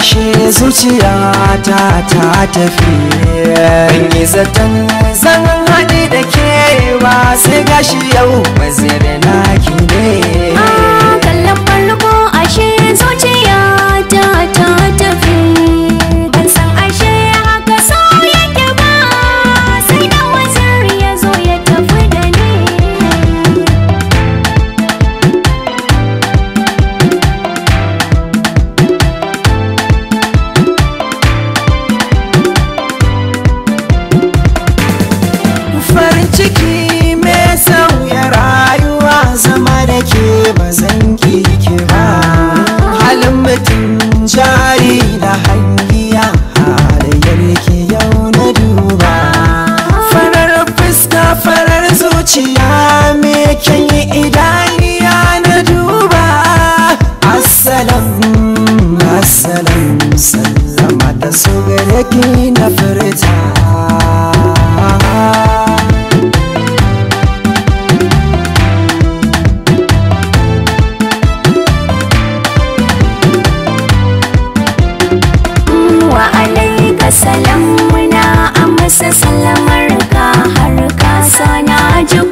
ashe zuciya ta ta tafi yi zaton zan da ke ba sai gashi yau mazirin naki ne ciki mai sauya rayuwa zama da ke baza. amsa sallamar ka har ka sanya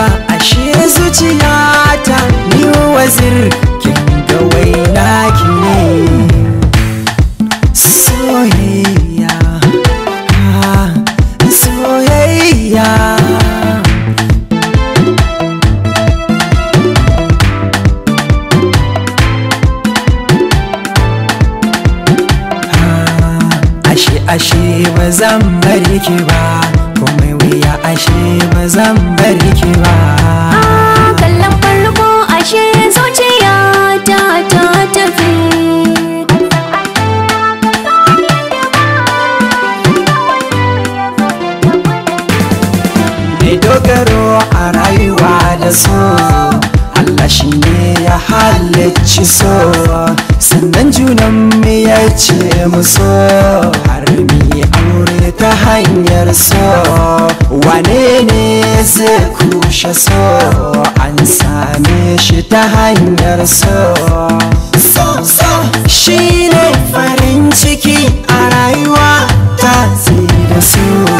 ba zuciya ta ni wazir kin ga waina ki ne soyayya ah, soyayya ah, ashe ashe ba zan bari ki ba ashe ba zan bar ki ba ah, kallon farko ashe zuciya ta ta tafi Mai dogaro a rayuwa da so Allah shi ne ya halicci so sannan junan mu ya ce mu so hanyar so wane ne zai kushe so an same shi ta hanyar so so so shi ne farin ciki a rayuwa ta da so